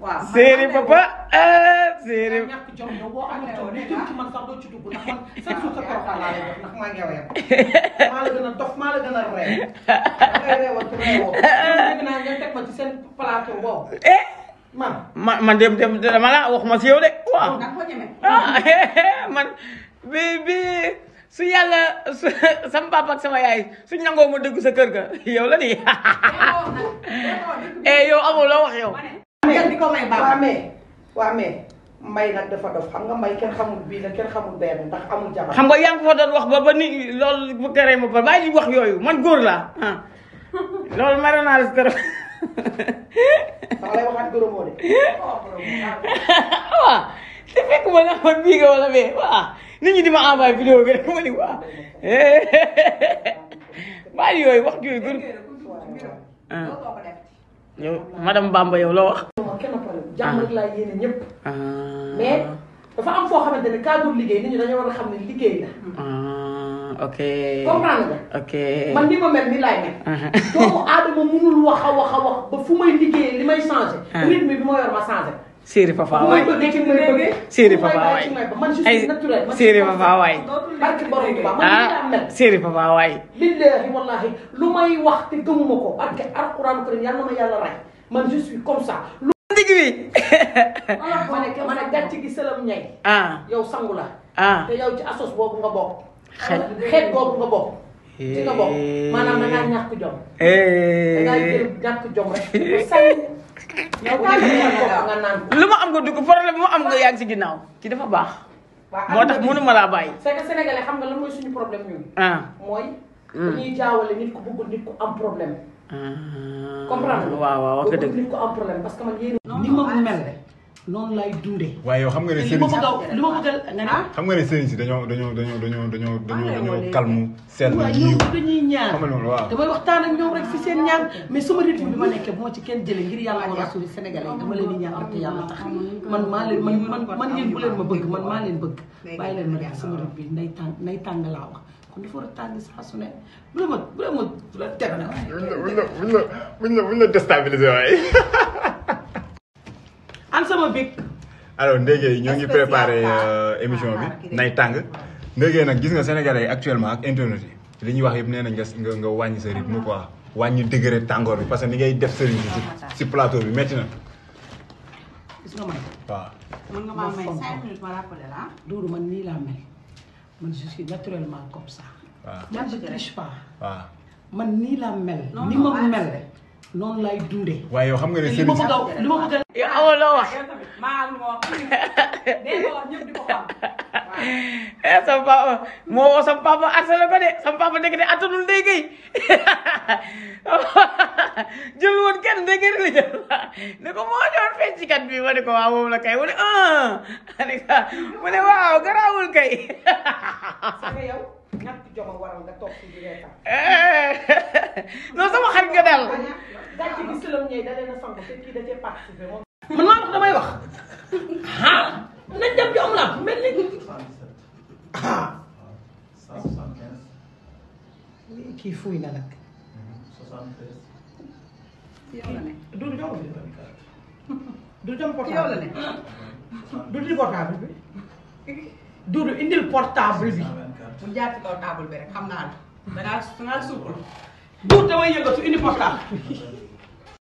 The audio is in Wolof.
waaw séeréer ba séeréer. ñàkk jom ci doo a dof ma ci seen plateau boobu eh? man man man dem dem dama la waxuma si yow de waaw ah, man bi su yàlla su sama papa ak yaay su nangoo ma dëgg sa kër ga yow la nii eh yow amul loo wax yow ko may baax dafa dof nga mbay kenn bii la kenn xamul benn ndax xam nga yaa ngi fa wax ba ba ni loolu bu teree ma ba wax yooyu man góor ah. naa la si trop. ndax lay waxaat te fekk ma ne ma bii nga wala bee waaw ñi di ma envoyé vidéo bi rek ma yooyu wax yooyu gën. Ah. yow madame Bamba yow loo wax. jàmm rek ah. laa yéene ñëpp. Ah. mais dafa am foo xamante ne cadre liggéey nit ñi dañoo war a xam ne liggéey la. Ah, ok comprendre nga. ok man ni ma mel ni laay mel. doomu aadama mënul wax a wax a wax ba fu may liggéeyee li may changé. rythme bi ma lu may wax te gëmuma ko barke alxuraan karim yàlla na ma yàlla man je suis comme ma ne ma ne gàncax gi sëlam ñay. ah yow sangu la. ah yow ci asos boobu nga bokk. xeet xeet boobu nga eh. eh. am nga dugg problème bi am nga yaa si ginnaaw ci dafa baax. moo tax mënu ma laa bàyyi. c'est que sénégalais xam nga lan mooy suñu problème ñun. Ah. mooy. dañuy jaawale nit ku bëggul nit ku am problème. Ah. comprendre nga waaw waaw wax dëgg nit ku am problème parce que man yéen ni ma mel noonu lay dundee. waaye yow xam nga ne sëriñ ah? si li dañoo dañoo dañoo dañoo dañoo dañoo calme. seetlu jiw waaw dañuy ñaan xam nga damay waxtaan ak ñoom rek fi seen ñaan ah, mais sama rythme bi ma nekkee bu ci kenn jëlee ngir yàlla wala suuf Sénégalais dama leen ñaan rek te yàlla tax man maa leen man man man yéen leen ma bëgg man maa leen bëgg bàyyi leen ma def sama rythme nay tàng nay tàng laa wax kon dafa war a tàng bu la ma bu la bu la teg na waaye. buñ la buñ la buñ ñoo ngi préparé euh, émission bi nay tàng. Ndege nag gis nga sénégalais actuellement ak internet yi li ñu wax yëpp nee nañ nga nga wàññi sa rythme quoi wàññi degré tàngoor bi parce que ni ngay def sëriñ bi si plateau bi métti na. man je suis naturellement comme ça. waaw ah. man je triche pas. Ah. mel. ni ma ah, mel noonu lay dundee. waaye yow xam nga ne seen li ma bëgg a li a. wax. Eh, sama papa moo woo sama papa harcelé ko de sama papa nekk de attanul ndey gay jël woon kenn ndey gay la jël ne ko moo doon feccikat bi ma ne ko waaw moom la kay ah mu ne waaw garaawul kay non sama xarit nga daal nañ dem di am mel ni. ah. kii fuuy na jëm portable yow la ne. di portable bi. Dudu indil portable bi. bu jaar portable bi rek xam naa ne. dangaa dangaa portable.